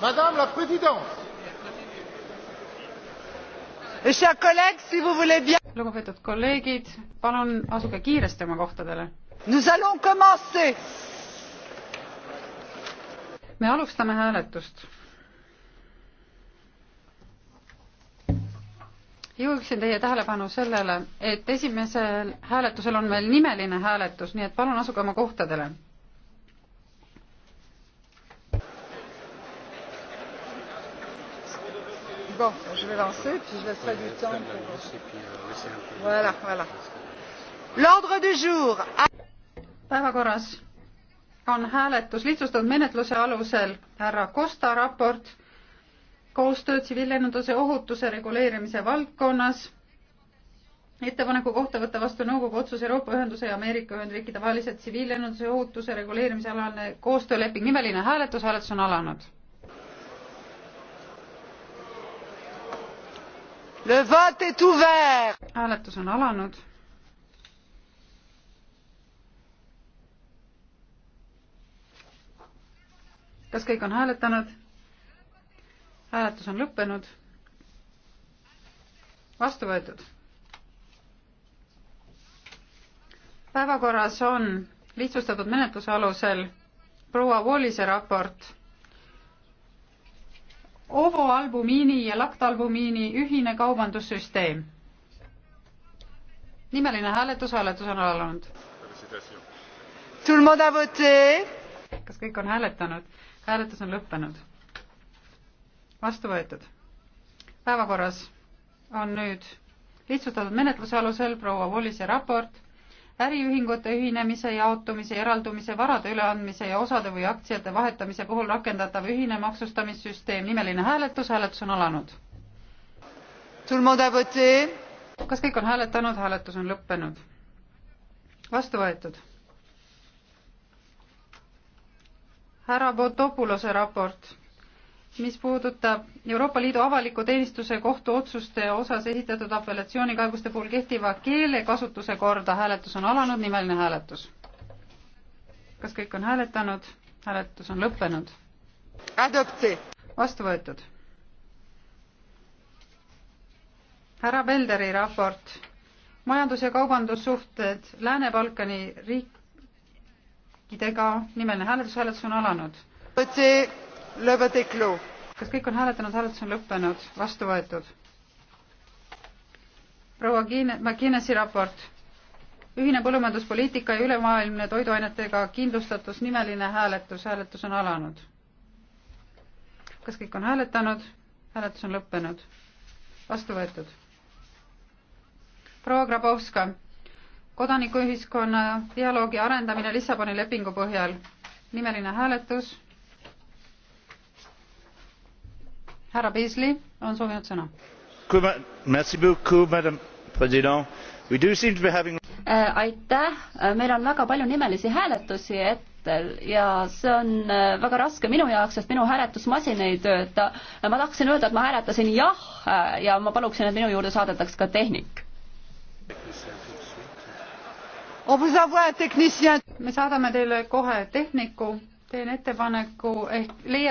Madame la Présidente. lugupeetud kolleegid, palun asuge kiiresti oma kohtadele. me alustame hääletust. juhiksin teie tähelepanu sellele, et esimesel hääletusel on meil nimeline hääletus, nii et palun asuge oma kohtadele Bon, je vais lancer, puis je laisserai du temps pour... Voilà, voilà. L'ordre du jour. Päevakorras on hääletus lihtsustatud menetluse alusel härra Costa raport koostöö tsiviillennunduse ohutuse reguleerimise valdkonnas ettepaneku kohta võtta vastu nõukogu otsus Euroopa Ühenduse ja Ameerika Ühendriikide vahelise tsiviillennunduse ohutuse reguleerimise alane koostööleping. nimeline hääletus, hääletus on alanud hääletus on alanud. kas kõik on hääletanud? hääletus on lõppenud. vastu võetud. päevakorras on lihtsustatud menetluse alusel proua Wallise raport ovoalbumiini ja laktalbumiini ühine kaubandussüsteem. nimeline hääletus, hääletus on alanud. kas kõik on hääletanud? hääletus on lõppenud. vastu võetud. päevakorras on nüüd lihtsustatud menetluse alusel proua Wallise raport äriühingute ühinemise, jaotumise, eraldumise, varade üleandmise ja osade või aktsiate vahetamise puhul rakendatav ühine maksustamissüsteem. nimeline hääletus, hääletus on alanud. kas kõik on hääletanud, hääletus on lõppenud? vastu võetud. härra Potopulose raport mis puudutab Euroopa Liidu avaliku teenistuse kohtuotsuste osas esitatud apellatsioonikaebuste puhul kehtiva keele kasutuse korda. hääletus on alanud, nimeline hääletus. kas kõik on hääletanud? hääletus on lõppenud. vastu võetud. härra Pelderi raport majandus- ja kaubandussuhted Lääne-Balkani riikidega, nimeline hääletus, hääletus on alanud kas kõik on hääletanud, hääletus on lõppenud, vastu võetud. proua McKinnesi raport, ühine põllumajanduspoliitika ja ülemaailmne toiduainetega kindlustatus, nimeline hääletus, hääletus on alanud. kas kõik on hääletanud, hääletus on lõppenud, vastu võetud. proua Grabovska, kodanikuühiskonna dialoogi arendamine Lissaboni lepingu põhjal, nimeline hääletus härra Beasley on soovinud sõna. Äh, aitäh, äh, meil on väga palju nimelisi hääletusi ette ja see on äh, väga raske minu jaoks, sest minu hääletusmasin ei tööta. ma tahtsin öelda, et ma hääletasin jah ja ma paluksin, et minu juurde saadetaks ka tehnik. me saadame teile kohe tehniku, teen ettepaneku ehk leiate